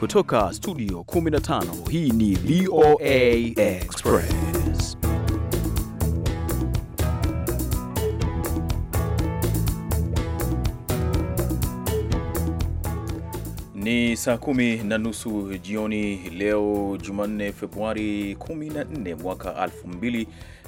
Kutoka studio 15 hii ni VOA Express. Ni saa kumi na nusu jioni leo Jumanne, Februari 14 mwaka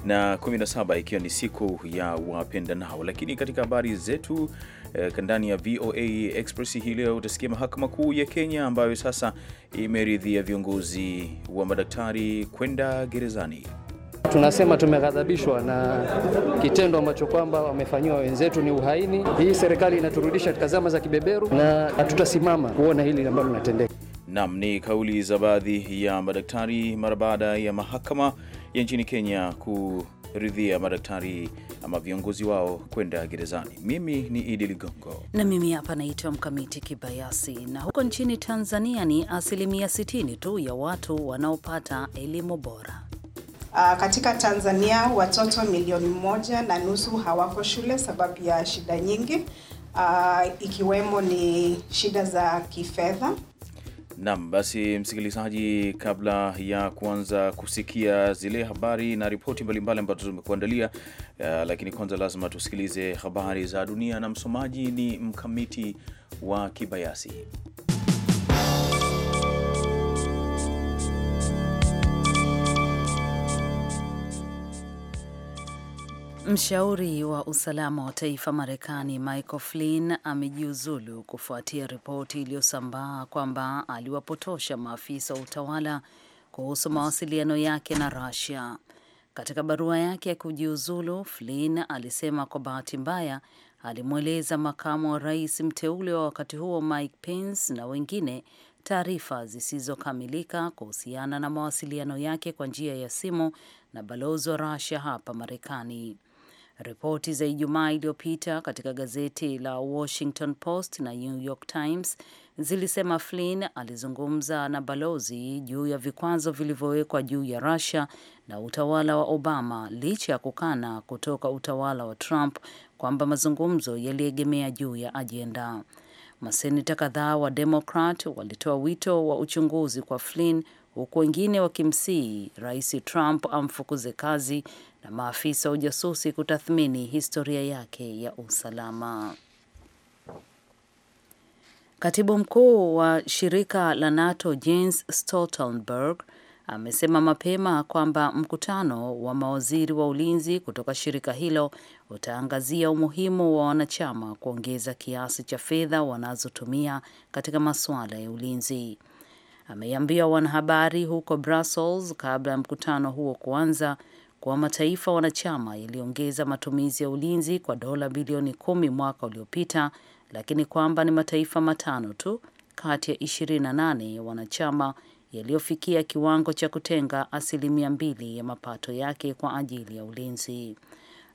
2017, ikiwa ni siku ya wapendanao. Lakini katika habari zetu Eh, ndani ya VOA Express hii leo utasikia mahakama kuu ya Kenya ambayo sasa imeridhia viongozi wa madaktari kwenda gerezani. Tunasema tumeghadhabishwa na kitendo ambacho kwamba wamefanyiwa wenzetu, ni uhaini. Hii serikali inaturudisha katika zama za kibeberu na hatutasimama kuona hili ambalo linatendeka. Nam ni kauli za baadhi ya madaktari mara baada ya mahakama ya nchini Kenya kuridhia madaktari ama viongozi wao kwenda gerezani. Mimi ni Idi Ligongo na mimi hapa naitwa Mkamiti Kibayasi. Na huko nchini Tanzania ni asilimia 60 tu ya watu wanaopata elimu bora. Ah, katika Tanzania watoto milioni moja na nusu hawako shule sababu ya shida nyingi, ah, ikiwemo ni shida za kifedha. Naam, basi msikilizaji, kabla ya kuanza kusikia zile habari na ripoti mbalimbali ambazo tumekuandalia, uh, lakini kwanza lazima tusikilize habari za dunia na msomaji ni Mkamiti wa Kibayasi. Mshauri wa usalama wa taifa Marekani Michael Flynn amejiuzulu kufuatia ripoti iliyosambaa kwamba aliwapotosha maafisa wa utawala kuhusu mawasiliano yake na Russia. Katika barua yake ya kujiuzulu, Flynn alisema kwa bahati mbaya alimweleza makamu wa rais mteule wa wakati huo Mike Pence na wengine taarifa zisizokamilika kuhusiana na mawasiliano yake kwa njia ya simu na balozi wa Russia hapa Marekani. Ripoti za Ijumaa iliyopita katika gazeti la Washington Post na New York Times zilisema Flynn alizungumza na balozi juu ya vikwazo vilivyowekwa juu ya Russia na utawala wa Obama licha ya kukana kutoka utawala wa Trump kwamba mazungumzo yaliegemea juu ya ajenda. Maseneta kadhaa wa Demokrat walitoa wito wa uchunguzi kwa Flynn huku wengine wakimsihi Rais Trump amfukuze kazi na maafisa wa ujasusi kutathmini historia yake ya usalama. Katibu mkuu wa shirika la NATO Jens Stoltenberg amesema mapema kwamba mkutano wa mawaziri wa ulinzi kutoka shirika hilo utaangazia umuhimu wa wanachama kuongeza kiasi cha fedha wanazotumia katika masuala ya ulinzi. ameambia wanahabari huko Brussels kabla ya mkutano huo kuanza kwa mataifa wanachama yaliongeza matumizi ya ulinzi kwa dola bilioni kumi mwaka uliopita, lakini kwamba ni mataifa matano tu kati ya 28 ya wanachama yaliyofikia kiwango cha kutenga asilimia mbili ya mapato yake kwa ajili ya ulinzi.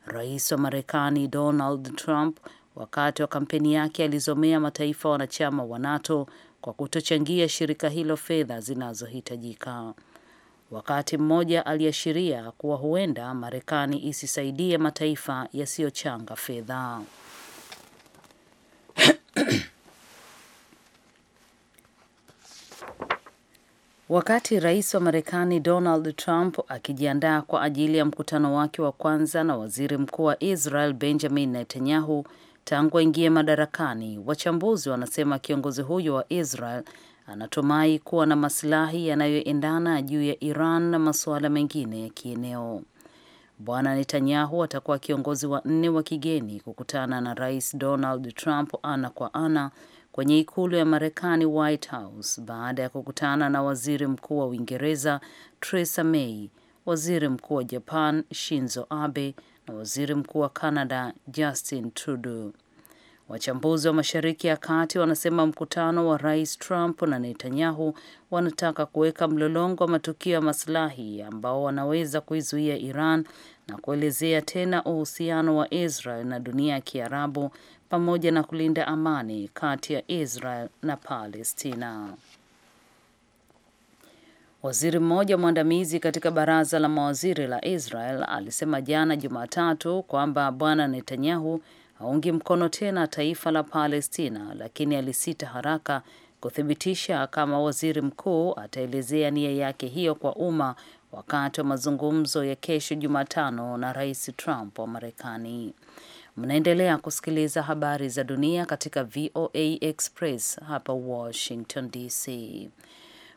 Rais wa Marekani Donald Trump wakati wa kampeni yake alizomea mataifa wanachama wa NATO kwa kutochangia shirika hilo fedha zinazohitajika. Wakati mmoja aliashiria kuwa huenda Marekani isisaidie mataifa yasiyochanga fedha. Wakati rais wa Marekani Donald Trump akijiandaa kwa ajili ya mkutano wake wa kwanza na waziri mkuu wa Israel Benjamin Netanyahu tangu aingie madarakani, wachambuzi wanasema kiongozi huyo wa Israel anatumai kuwa na masilahi yanayoendana juu ya Iran na masuala mengine ya kieneo. Bwana Netanyahu atakuwa kiongozi wa nne wa kigeni kukutana na Rais Donald Trump ana kwa ana kwenye ikulu ya Marekani, White House, baada ya kukutana na waziri mkuu wa Uingereza Theresa May, waziri mkuu wa Japan Shinzo Abe na waziri mkuu wa Canada Justin Trudeau. Wachambuzi wa Mashariki ya Kati wanasema mkutano wa Rais Trump na Netanyahu wanataka kuweka mlolongo wa matukio ya masilahi ambao wanaweza kuizuia Iran na kuelezea tena uhusiano wa Israel na dunia ya Kiarabu pamoja na kulinda amani kati ya Israel na Palestina. Waziri mmoja mwandamizi katika baraza la mawaziri la Israel alisema jana Jumatatu kwamba Bwana Netanyahu haungi mkono tena taifa la Palestina, lakini alisita haraka kuthibitisha kama waziri mkuu ataelezea nia yake hiyo kwa umma wakati wa mazungumzo ya kesho Jumatano na Rais Trump wa Marekani. Mnaendelea kusikiliza habari za dunia katika VOA Express hapa Washington DC.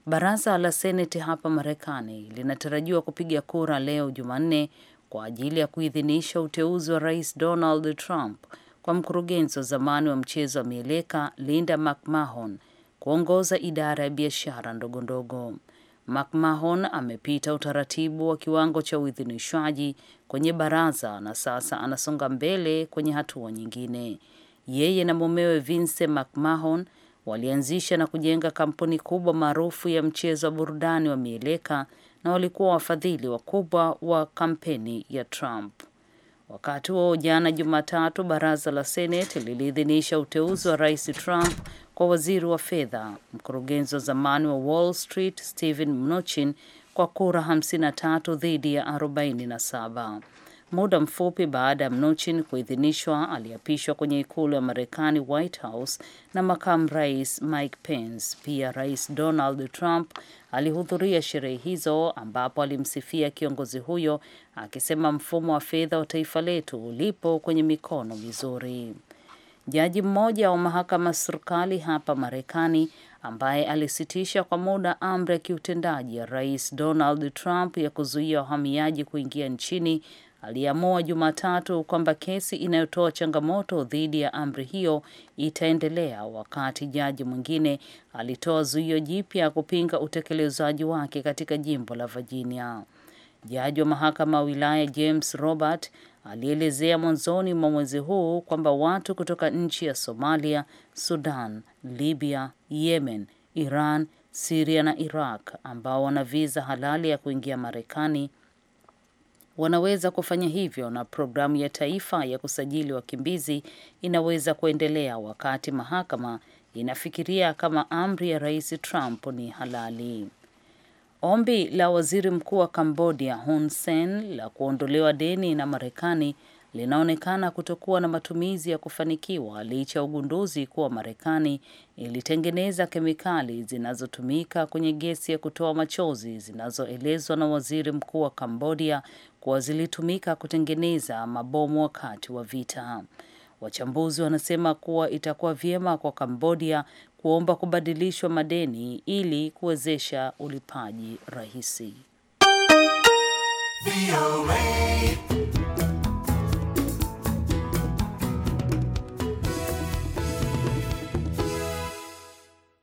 Baraza la Seneti hapa Marekani linatarajiwa kupiga kura leo Jumanne kwa ajili ya kuidhinisha uteuzi wa Rais Donald Trump kwa mkurugenzi wa zamani wa mchezo wa mieleka Linda McMahon kuongoza idara ya biashara ndogondogo. McMahon amepita utaratibu wa kiwango cha uidhinishwaji kwenye baraza na sasa anasonga mbele kwenye hatua nyingine. Yeye na mumewe Vince McMahon walianzisha na kujenga kampuni kubwa maarufu ya mchezo wa burudani wa mieleka na walikuwa wafadhili wakubwa wa kampeni ya Trump. Wakati huo jana Jumatatu, baraza la Seneti liliidhinisha uteuzi wa rais Trump kwa waziri wa fedha, mkurugenzi wa zamani wa Wall Street Steven Mnuchin kwa kura 53 dhidi ya 47. Muda mfupi baada ya Mnuchin kuidhinishwa, aliapishwa kwenye ikulu ya Marekani, White House, na makamu rais Mike Pence. Pia rais Donald Trump alihudhuria sherehe hizo, ambapo alimsifia kiongozi huyo akisema mfumo wa fedha wa taifa letu ulipo kwenye mikono mizuri. Jaji mmoja wa mahakama serikali hapa Marekani ambaye alisitisha kwa muda amri ya kiutendaji ya rais Donald Trump ya kuzuia wahamiaji kuingia nchini aliamua Jumatatu kwamba kesi inayotoa changamoto dhidi ya amri hiyo itaendelea wakati jaji mwingine alitoa zuio jipya kupinga utekelezaji wake katika jimbo la Virginia. Jaji wa mahakama ya wilaya James Robert alielezea mwanzoni mwa mwezi huu kwamba watu kutoka nchi ya Somalia, Sudan, Libya, Yemen, Iran, Siria na Iraq ambao wana viza halali ya kuingia Marekani wanaweza kufanya hivyo na programu ya taifa ya kusajili wakimbizi inaweza kuendelea wakati mahakama inafikiria kama amri ya Rais Trump ni halali. Ombi la Waziri Mkuu wa Kambodia Hun Sen la kuondolewa deni na Marekani linaonekana kutokuwa na matumizi ya kufanikiwa licha ya ugunduzi kuwa Marekani ilitengeneza kemikali zinazotumika kwenye gesi ya kutoa machozi zinazoelezwa na waziri mkuu wa Kambodia kuwa zilitumika kutengeneza mabomu wakati wa vita. Wachambuzi wanasema kuwa itakuwa vyema kwa Kambodia kuomba kubadilishwa madeni ili kuwezesha ulipaji rahisi.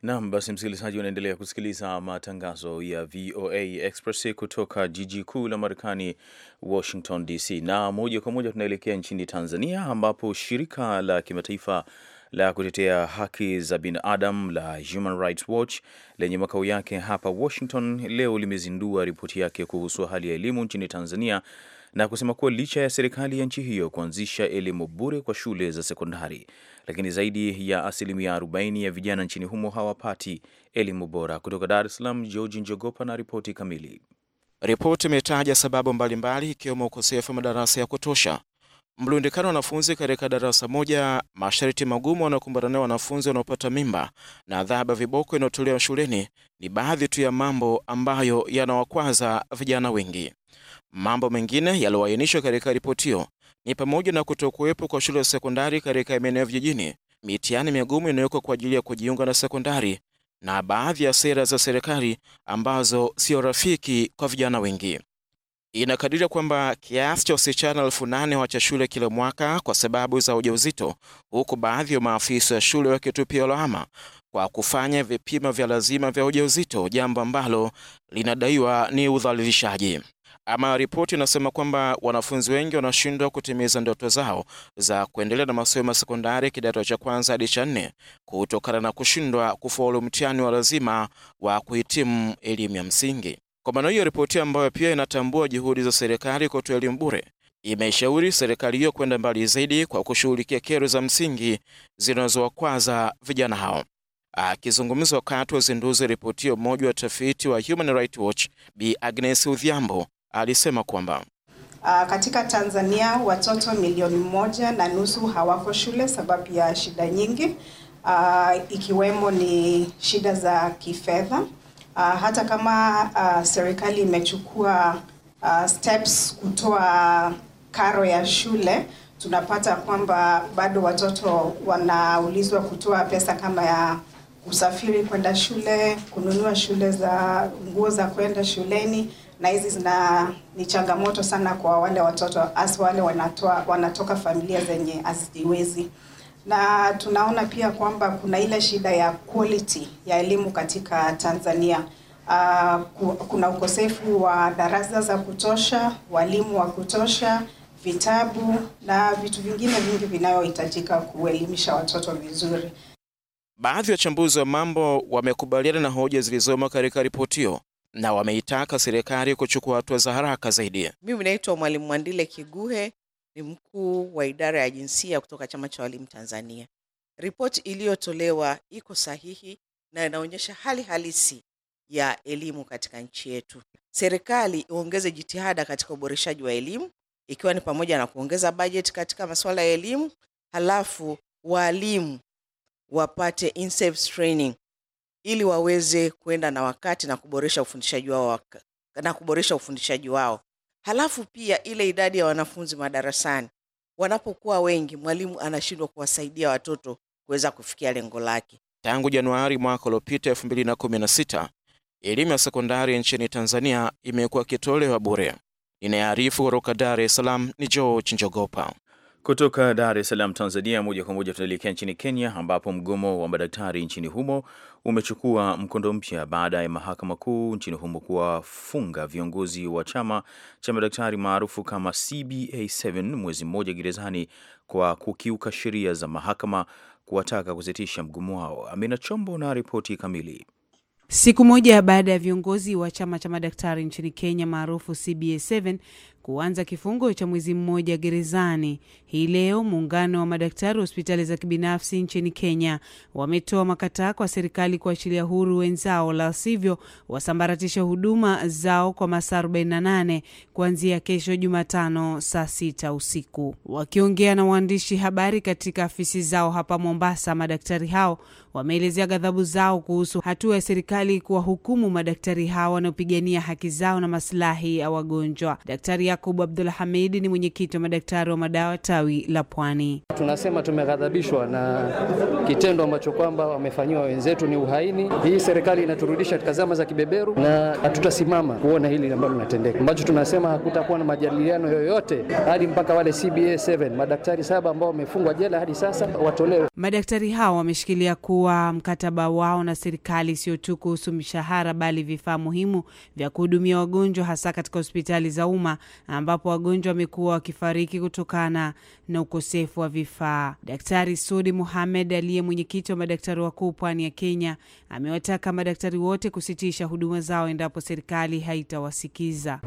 Naam, basi msikilizaji, unaendelea kusikiliza matangazo ya VOA Express kutoka jiji kuu la Marekani, Washington DC, na moja kwa moja tunaelekea nchini Tanzania ambapo shirika la kimataifa la kutetea haki za binadamu la Human Rights Watch lenye makao yake hapa Washington leo limezindua ripoti yake kuhusu hali ya elimu nchini Tanzania na kusema kuwa licha ya serikali ya nchi hiyo kuanzisha elimu bure kwa shule za sekondari, lakini zaidi ya asilimia 40 ya vijana nchini humo hawapati elimu bora. Kutoka Dar es Salaam, George Njogopa na ripoti kamili. Ripoti imetaja sababu mbalimbali ikiwemo ukosefu wa madarasa ya kutosha, mlundikano wa wanafunzi katika darasa moja, masharti magumu wanaokumbana nayo wanafunzi wanaopata mimba na adhabu viboko inayotolewa shuleni ni baadhi tu ya mambo ambayo yanawakwaza vijana wengi. Mambo mengine yaliyoainishwa katika ripoti hiyo ni pamoja na kutokuwepo kwa shule za sekondari katika maeneo vijijini, mitihani migumu inayowekwa kwa ajili ya kujiunga na sekondari na baadhi ya sera za serikali ambazo sio rafiki kwa vijana wengi. Inakadiria kwamba kiasi cha wasichana elfu nane wacha shule kila mwaka kwa sababu za ujauzito, huku baadhi ya maafisa wa shule wakitupia lawama kwa kufanya vipimo vya lazima vya ujauzito, jambo ambalo linadaiwa ni udhalilishaji. Ama ripoti inasema kwamba wanafunzi wengi wanashindwa kutimiza ndoto zao za kuendelea na masomo ya sekondari kidato cha kwanza hadi cha nne kutokana na kushindwa kufaulu mtihani wa lazima wa kuhitimu elimu ya msingi. Kwa maana hiyo, ripoti ambayo pia inatambua juhudi za serikali kutoa elimu bure imeshauri serikali hiyo kwenda mbali zaidi kwa kushughulikia kero za msingi zinazowakwaza vijana hao. Akizungumza wakati wa uzinduzi ripoti hiyo, mmoja wa tafiti wa Human Rights Watch Bi Agnes Udhiambo alisema kwamba Uh, katika Tanzania watoto milioni moja na nusu hawako shule sababu ya shida nyingi uh, ikiwemo ni shida za kifedha. Uh, hata kama uh, serikali imechukua uh, steps kutoa karo ya shule, tunapata kwamba bado watoto wanaulizwa kutoa pesa kama ya usafiri kwenda shule, kununua shule za nguo za kwenda shuleni, na hizi zina ni changamoto sana kwa wale watoto hasa wale wanatoa, wanatoka familia zenye hazijiwezi, na tunaona pia kwamba kuna ile shida ya quality ya elimu katika Tanzania. Uh, kuna ukosefu wa darasa za kutosha, walimu wa kutosha, vitabu na vitu vingine vingi vinayohitajika kuelimisha watoto vizuri. Baadhi ya wachambuzi wa mambo wamekubaliana na hoja zilizomo katika ripoti hiyo na wameitaka serikali kuchukua hatua za haraka zaidi. Mimi naitwa Mwalimu Mwandile Kiguhe, ni mkuu wa idara ya jinsia kutoka Chama cha Walimu Tanzania. Ripoti iliyotolewa iko sahihi na inaonyesha hali halisi ya elimu katika nchi yetu. Serikali iongeze jitihada katika uboreshaji wa elimu, ikiwa ni pamoja na kuongeza bajeti katika masuala ya elimu, halafu waalimu wapate in-service training ili waweze kwenda na wakati na kuboresha ufundishaji wao na kuboresha ufundishaji wao. Halafu pia ile idadi ya wanafunzi madarasani, wanapokuwa wengi, mwalimu anashindwa kuwasaidia watoto kuweza kufikia lengo lake. Tangu Januari mwaka uliopita 2016 elimu ya sekondari nchini Tanzania imekuwa ikitolewa bure. Inayoarifu kutoka Dar es Salaam ni George Njogopa. Kutoka Dar es Salaam, Tanzania, moja kwa moja tunaelekea nchini Kenya, ambapo mgomo wa madaktari nchini humo umechukua mkondo mpya baada ya mahakama kuu nchini humo kuwafunga viongozi wa chama cha madaktari maarufu kama CBA7 mwezi mmoja gerezani kwa kukiuka sheria za mahakama kuwataka kusitisha mgomo wao. Amina Chombo na ripoti kamili. Siku moja baada ya viongozi wa chama cha madaktari nchini Kenya maarufu CBA7 kuanza kifungo cha mwezi mmoja gerezani. Hii leo muungano wa madaktari wa hospitali za kibinafsi nchini Kenya wametoa makataa kwa serikali kuachilia huru wenzao, la sivyo wasambaratisha huduma zao kwa masaa 48 kuanzia kesho Jumatano saa sita usiku. Wakiongea na waandishi habari katika afisi zao hapa Mombasa, madaktari hao wameelezea ghadhabu zao kuhusu hatua ya serikali kuwahukumu madaktari hawa wanaopigania haki zao na masilahi ya wagonjwa. Daktari Yakubu Abdul Hamidi ni mwenyekiti wa madaktari wa madawa tawi la Pwani. Tunasema tumeghadhabishwa na kitendo ambacho kwamba wamefanyiwa wenzetu, ni uhaini. Hii serikali inaturudisha katika zama za kibeberu na hatutasimama kuona hili ambalo linatendeka, ambacho tunasema hakutakuwa na majadiliano yoyote hadi mpaka wale CBA 7 madaktari saba ambao wamefungwa jela hadi sasa watolewe. Madaktari hao wameshikilia kuwa kuwa mkataba wao na serikali sio tu kuhusu mishahara bali vifaa muhimu vya kuhudumia wagonjwa hasa katika hospitali za umma ambapo wagonjwa wamekuwa wakifariki kutokana na ukosefu wa vifaa. Daktari Sudi muhamed aliye mwenyekiti wa madaktari wakuu pwani ya Kenya amewataka madaktari wote kusitisha huduma zao endapo serikali haitawasikiza.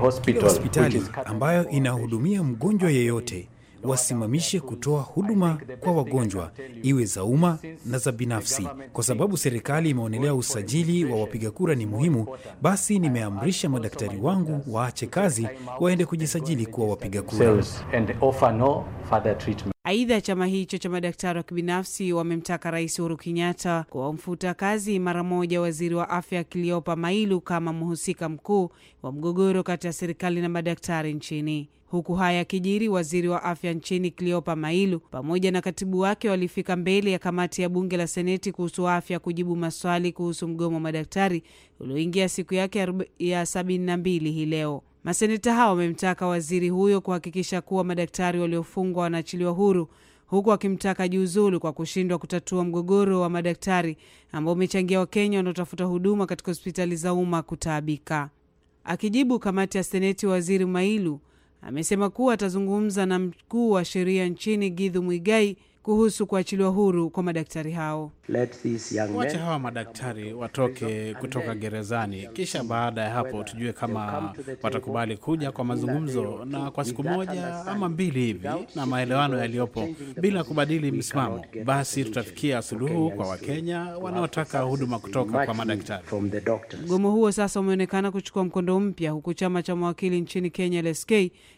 hospital, ambayo inahudumia mgonjwa yeyote wasimamishe kutoa huduma kwa wagonjwa, iwe za umma na za binafsi. Kwa sababu serikali imeonelea usajili wa wapiga kura ni muhimu, basi nimeamrisha madaktari wangu waache kazi, waende kujisajili kuwa wapiga kura. Aidha, chama hicho cha madaktari wa kibinafsi wamemtaka Rais Uhuru Kenyatta kuwamfuta kazi mara moja waziri wa afya kiliopa Mailu kama mhusika mkuu wa mgogoro kati ya serikali na madaktari nchini. Huku haya yakijiri, waziri wa afya nchini Cleopa Mailu pamoja na katibu wake walifika mbele ya kamati ya bunge la seneti kuhusu afya kujibu maswali kuhusu mgomo wa madaktari ulioingia siku yake ya sabini na mbili hii leo. Maseneta hao wamemtaka waziri huyo kuhakikisha kuwa madaktari waliofungwa wanaachiliwa huru huku akimtaka jiuzulu kwa kushindwa kutatua mgogoro wa madaktari ambao umechangia Wakenya wanaotafuta huduma katika hospitali za umma kutaabika. Akijibu kamati ya seneti, waziri Mailu amesema kuwa atazungumza na mkuu wa sheria nchini Githu Mwigai kuhusu kuachiliwa huru kwa madaktari hao. Wache hawa madaktari watoke kutoka gerezani, kisha baada ya hapo tujue kama watakubali kuja kwa mazungumzo, na kwa siku moja ama mbili hivi, na maelewano yaliyopo bila kubadili msimamo, basi tutafikia suluhu kwa Wakenya wanaotaka huduma kutoka kwa madaktari. Mgomo huo sasa umeonekana kuchukua mkondo mpya, huku chama cha mawakili nchini Kenya LSK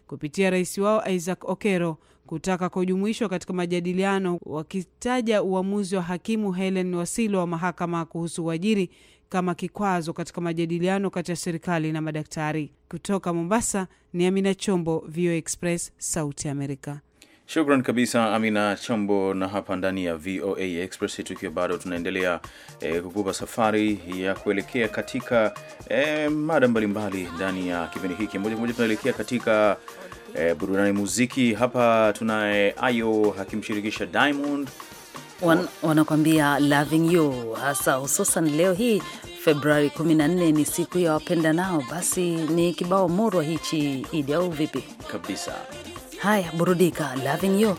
kupitia rais wao Isaac Okero kutaka kujumuishwa katika majadiliano, wakitaja uamuzi wa hakimu Helen Wasilo wa mahakama kuhusu uajiri kama kikwazo katika majadiliano kati ya serikali na madaktari. Kutoka Mombasa ni Amina Chombo, VOA Express, Sauti Amerika. Shukran kabisa Amina Chombo. Na hapa ndani ya VOA Express tukiwa bado tunaendelea eh, kukupa safari ya kuelekea katika eh, mada mbalimbali ndani ya kipindi hiki moja kwa moja, tunaelekea katika e, burudani muziki hapa. Tunaye Ayo akimshirikisha Diamond Wan, wanakuambia loving you, hasa hususan leo hii Februari 14 ni siku ya wapenda nao. Basi ni kibao murwa hichi, Idi au vipi? Kabisa. Haya, burudika, loving you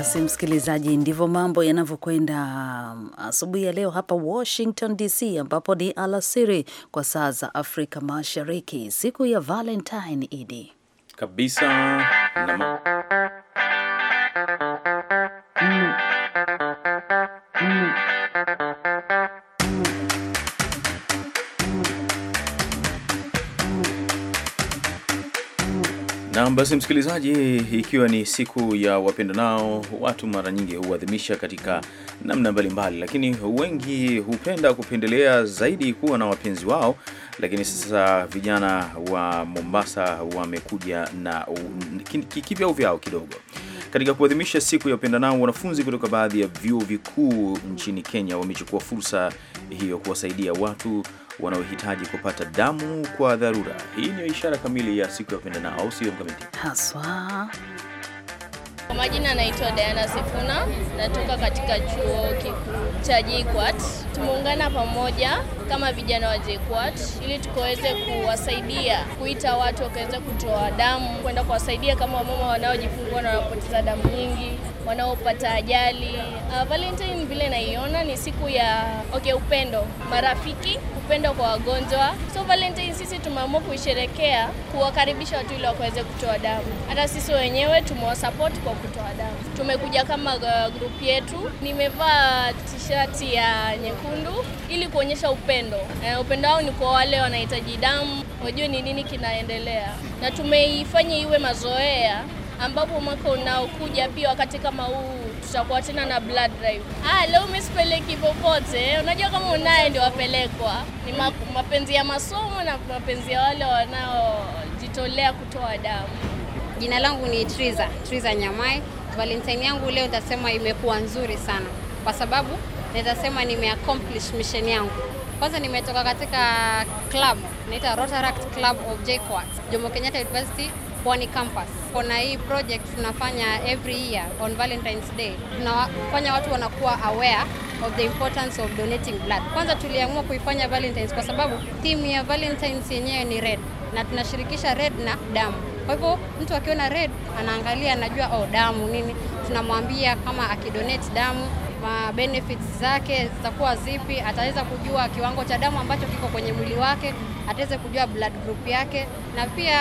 Basi msikilizaji, ndivyo mambo yanavyokwenda um, asubuhi ya leo hapa Washington DC, ambapo ni alasiri kwa saa za Afrika Mashariki, siku ya Valentine idi kabisa Nama. Mm. Mm. mm. Nam basi, msikilizaji, ikiwa ni siku ya wapendanao, watu mara nyingi huadhimisha katika namna mbalimbali, lakini wengi hupenda kupendelea zaidi kuwa na wapenzi wao. Lakini sasa vijana wa Mombasa wamekuja na kivyao vyao kidogo katika kuadhimisha siku ya wapendanao, wanafunzi kutoka baadhi ya vyuo vikuu nchini Kenya wamechukua fursa hiyo kuwasaidia watu wanaohitaji kupata damu kwa dharura. Hii ni ishara kamili ya siku ya kupendana, au sio Mkamiti? Haswa. Kwa majina anaitwa Diana Sifuna, natoka katika chuo kikuu cha JKUAT. Tumeungana pamoja kama vijana wa JKUAT ili tukaweze kuwasaidia kuita watu wakaweza kutoa damu kwenda kuwasaidia kama wamama wanaojifungua na wanapoteza damu nyingi wanaopata ajali. Uh, Valentine vile naiona ni siku ya okay, upendo, marafiki, upendo kwa wagonjwa. So Valentine sisi tumeamua kuisherekea, kuwakaribisha watu ili wakaweze kutoa damu. Hata sisi wenyewe tumewasupport kwa kutoa damu. Tumekuja kama uh, grupu yetu, nimevaa tishati ya nyekundu ili kuonyesha upendo. Uh, upendo wao ni kwa wale wanahitaji damu, wajue ni nini kinaendelea, na tumeifanya iwe mazoea ambapo mwaka unaokuja pia wakati kama huu tutakuwa tena na blood drive. Ah, leo misipeleki popote, unajua kama unaye ndio wapelekwa. Ni mapenzi ya masomo na mapenzi ya wale wanaojitolea kutoa damu. Jina langu ni Triza, Triza Nyamai. Valentine yangu leo nitasema imekuwa nzuri sana kwa sababu nime accomplish mission yangu. Kwanza nimetoka katika club naita Rotaract Club of JKUAT, Jomo Kenyatta University Pwani campus. Kuna hii project tunafanya every year on Valentine's Day, tunafanya watu wanakuwa aware of the importance of donating blood. Kwanza tuliamua kuifanya Valentine's kwa sababu theme ya Valentine's yenyewe ni red na tunashirikisha red na damu. Kwa hivyo mtu akiona red anaangalia, anajua oh, damu nini. Tunamwambia kama akidonate damu ma benefits zake zitakuwa zipi, ataweza kujua kiwango cha damu ambacho kiko kwenye mwili wake ataweze kujua blood group yake, na pia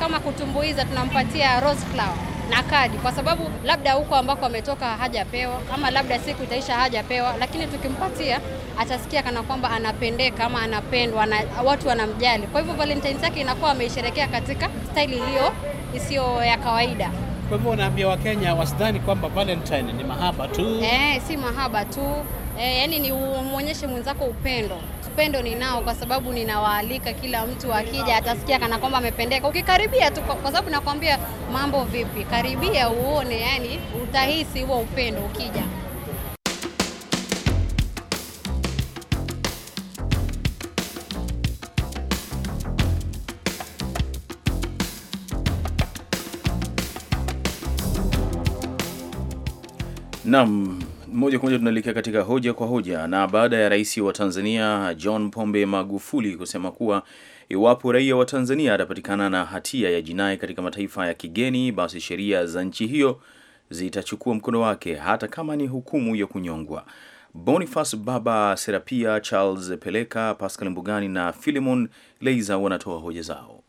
kama kutumbuiza, tunampatia rose flower na kadi, kwa sababu labda huko ambako ametoka hajapewa, ama labda siku itaisha hajapewa, lakini tukimpatia atasikia kana kwamba anapendeka ama anapendwa, na watu wanamjali. Kwa hivyo Valentine's yake inakuwa ameisherekea katika staili hiyo isiyo ya kawaida. Kwa hivyo unaambia Wakenya wasidhani kwamba Valentine ni mahaba tu. Eh, si mahaba tu. Eh, yani ni umwonyeshe mwenzako upendo upendo ninao kwa sababu ninawaalika kila mtu akija atasikia kana kwamba amependeka. Ukikaribia tu kwa sababu nakwambia mambo vipi, karibia uone, yani utahisi huo upendo ukija. Naam, moja kwa moja tunaelekea katika hoja kwa hoja, na baada ya rais wa Tanzania John Pombe Magufuli kusema kuwa iwapo raia wa Tanzania atapatikana na hatia ya jinai katika mataifa ya kigeni, basi sheria za nchi hiyo zitachukua mkono wake hata kama ni hukumu ya kunyongwa. Boniface Baba Serapia, Charles Peleka, Pascal Mbugani na Philemon Leiza wanatoa hoja zao.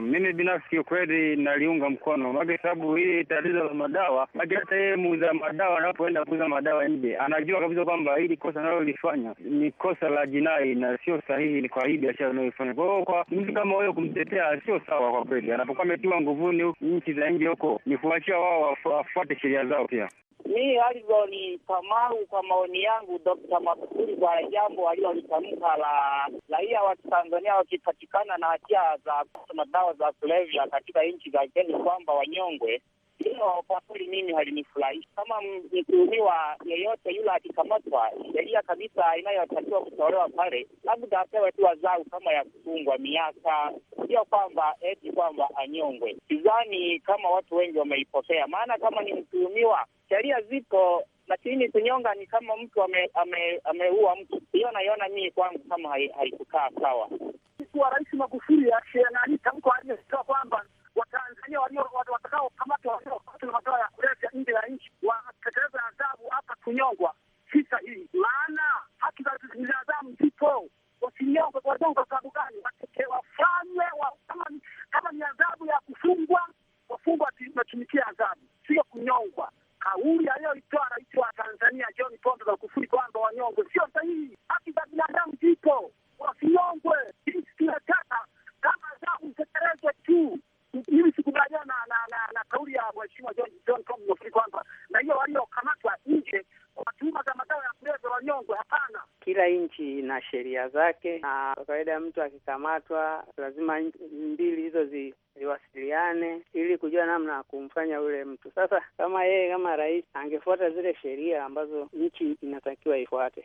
Mimi binafsi kiukweli naliunga mkono, make sababu hii tatizo la madawa, maana hata yeye muuza madawa anapoenda kuuza madawa nje anajua kabisa kwamba hili kosa analolifanya ni kosa la jinai na sio sahihi kwa hii biashara anayoifanya. Kwa hiyo kwa mtu kama huyo kumtetea sio sawa kwa kweli, anapokuwa ametiwa nguvuni nchi za nje huko, ni kuachia wao wafuate sheria zao pia. Mimi alizonitamahu kwa maoni yangu, Dr. Magufuli kwa jambo alilolitamka la raia wa Tanzania wakipatikana na hatia za madawa za kulevya katika nchi za kigeni kwamba wanyongwe hilo kwa kweli mimi halinifurahishi. Kama mtuhumiwa yeyote yule akikamatwa, sheria kabisa inayotakiwa kutolewa pale, labda apewe tu adhabu kama ya kufungwa miaka, sio kwamba eti kwamba anyongwe. Sidhani kama watu wengi wameipokea, maana kama ni mtuhumiwa, sheria zipo lakini kunyonga ni kama mtu ameua ame, ame mtu. Hiyo naiona mii kwangu kama haikukaa hai sawa. Rais Magufuli alitamko aliyetoa kwamba Watanzania watakaokamatwa waliopatwa na madawa ya kulevya nje ya nchi watekeleza adhabu hapa kunyongwa. Sisa hii maana kukamatwa, lazima mbili hizo zi ziwasiliane ili kujua namna ya kumfanya yule mtu. Sasa kama yeye kama rais angefuata zile sheria ambazo nchi inatakiwa ifuate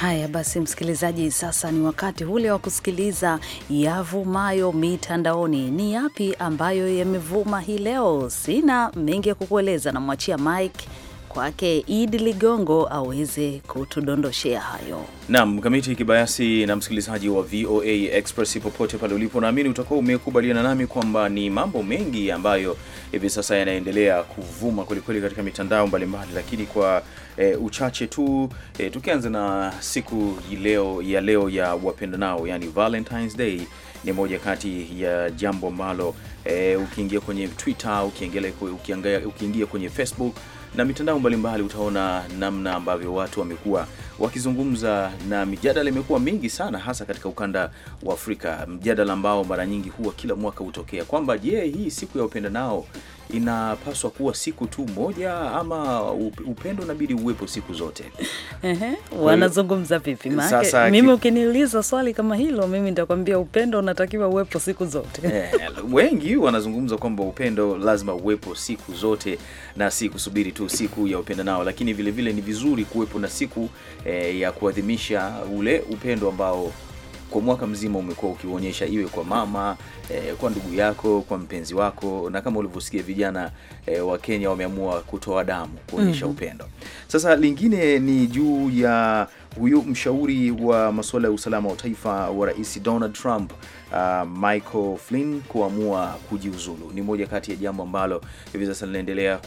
Haya basi, msikilizaji, sasa ni wakati ule wa kusikiliza yavumayo mitandaoni. Ni yapi ambayo yamevuma hii leo? Sina mengi ya kukueleza, namwachia Mike kwake Idi Ligongo aweze kutudondoshea hayo. Naam, mkamiti kibayasi na msikilizaji wa VOA Express popote pale ulipo, naamini utakuwa umekubaliana nami kwamba ni mambo mengi ambayo hivi sasa yanaendelea kuvuma kwelikweli katika mitandao mbalimbali, lakini kwa e, uchache tu e, tukianza na siku leo ya leo ya wapendanao, yani Valentine's Day ni moja kati ya jambo ambalo e, ukiingia kwenye Twitter ukiingia, ukiingia kwenye Facebook na mitandao mbalimbali utaona namna ambavyo watu wamekuwa wakizungumza na mijadala imekuwa mingi sana, hasa katika ukanda wa Afrika, mjadala ambao mara nyingi huwa kila mwaka hutokea kwamba je, hii siku ya nao inapaswa kuwa siku tu moja ama upendo nabidi uwepo siku zote? wanazungumza vipi? Maana mimi ukiniuliza swali kama hilo, mimi nitakwambia upendo unatakiwa uwepo siku zote. Eh, wengi wanazungumza kwamba upendo lazima uwepo siku zote na si kusubiri tu siku ya nao lakini vilevile vile ni vizuri kuwepo na siku eh, ya kuadhimisha ule upendo ambao kwa mwaka mzima umekuwa ukionyesha, iwe kwa mama eh, kwa ndugu yako, kwa mpenzi wako, na kama ulivyosikia vijana eh, wa Kenya wameamua kutoa damu kuonyesha mm -hmm. upendo. Sasa lingine ni juu ya huyu mshauri wa masuala ya usalama wa taifa wa Rais Donald Trump uh, Michael Flynn kuamua kujiuzulu. Ni moja kati ya jambo ambalo hivi sasa linaendelea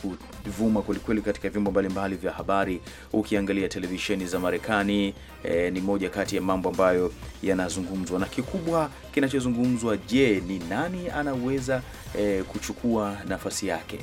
vuma kwelikweli katika vyombo mbalimbali vya habari. Ukiangalia televisheni za Marekani e, ni moja kati ya mambo ambayo yanazungumzwa, na kikubwa kinachozungumzwa, je, ni nani anaweza e, kuchukua nafasi yake?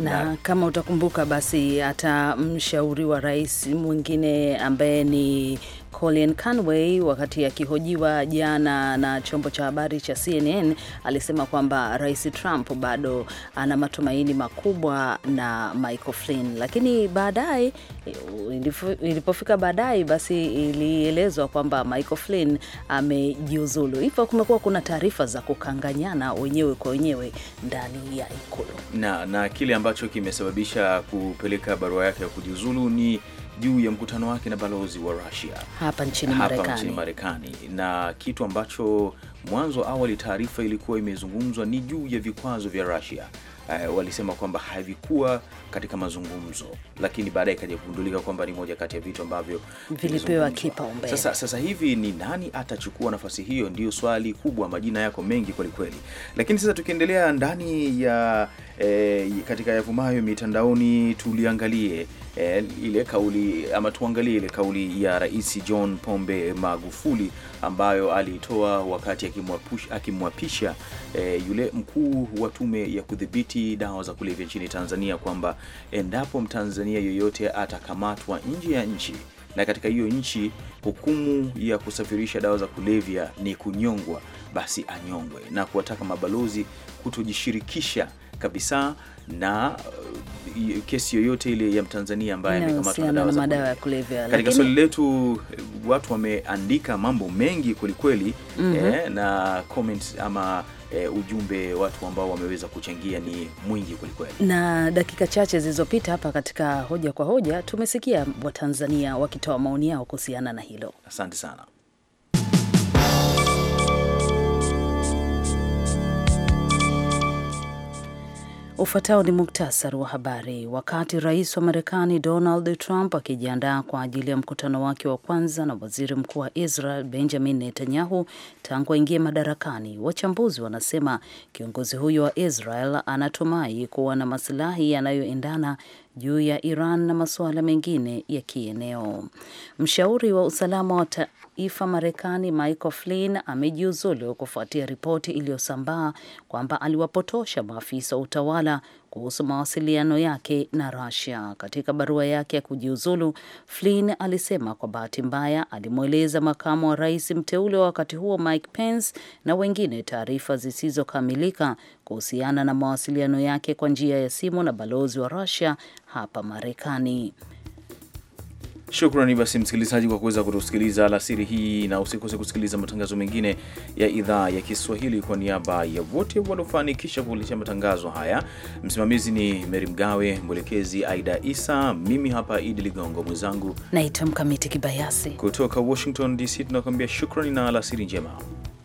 Na, na kama utakumbuka basi hata mshauri wa rais mwingine ambaye ni Colin Conway wakati akihojiwa jana na chombo cha habari cha CNN alisema kwamba Rais Trump bado ana matumaini makubwa na Michael Flynn, lakini baadaye ilipofika baadaye, basi ilielezwa kwamba Michael Flynn amejiuzulu. Hivyo kumekuwa kuna taarifa za kukanganyana wenyewe kwa wenyewe ndani ya ikulu na, na kile ambacho kimesababisha kupeleka barua yake ya kujiuzulu ni juu ya mkutano wake na balozi wa Russia hapa nchini Marekani, na kitu ambacho mwanzo awali taarifa ilikuwa imezungumzwa ni juu ya vikwazo vya Russia. Uh, walisema kwamba havikuwa katika mazungumzo, lakini baadaye ikaja kugundulika kwamba ni moja kati ya vitu ambavyo vilipewa kipaumbele. Sasa, sasa hivi ni nani atachukua nafasi hiyo? Ndiyo swali kubwa, majina yako mengi kwelikweli. Lakini sasa tukiendelea ndani ya e, katika yavumayo mitandaoni tuliangalie E, ile kauli ama tuangalie ile kauli ya Rais John Pombe Magufuli ambayo aliitoa wakati akimwapisha e, yule mkuu wa tume ya kudhibiti dawa za kulevya nchini Tanzania, kwamba endapo Mtanzania yoyote atakamatwa nje ya nchi na katika hiyo nchi hukumu ya kusafirisha dawa za kulevya ni kunyongwa, basi anyongwe, na kuwataka mabalozi kutojishirikisha kabisa na uh, kesi yoyote ile ya Mtanzania ambaye amekamatwa na dawa madawa ya kulevya. Katika swali letu eh, watu wameandika mambo mengi kwelikweli, mm -hmm. eh, na comment ama eh, ujumbe watu ambao wameweza kuchangia ni mwingi kwelikweli. Na dakika chache zilizopita hapa katika hoja kwa hoja tumesikia Watanzania wakitoa maoni yao kuhusiana na hilo. Asante sana. Ufuatao ni muktasari wa habari. Wakati rais wa Marekani Donald Trump akijiandaa kwa ajili ya mkutano wake wa kwanza na waziri mkuu wa Israel Benjamin Netanyahu tangu aingie madarakani, wachambuzi wanasema kiongozi huyo wa Israel anatumai kuwa na masilahi yanayoendana juu ya Iran na masuala mengine ya kieneo. Mshauri wa usalama wa IFA Marekani Michael Flynn amejiuzulu kufuatia ripoti iliyosambaa kwamba aliwapotosha maafisa wa utawala kuhusu mawasiliano yake na Russia. Katika barua yake ya kujiuzulu, Flynn alisema kwa bahati mbaya alimweleza makamu wa rais mteule wa wakati huo Mike Pence na wengine taarifa zisizokamilika kuhusiana na mawasiliano yake kwa njia ya simu na balozi wa Russia hapa Marekani. Shukrani basi msikilizaji kwa kuweza kutusikiliza alasiri hii, na usikose kusikiliza matangazo mengine ya idhaa ya Kiswahili. Kwa niaba ya wote waliofanikisha kukuletea matangazo haya, msimamizi ni Meri Mgawe, mwelekezi Aida Isa, mimi hapa Idi Ligongo, mwenzangu naitwa Mkamiti Kibayasi kutoka Washington DC. Tunakuambia shukrani na alasiri njema.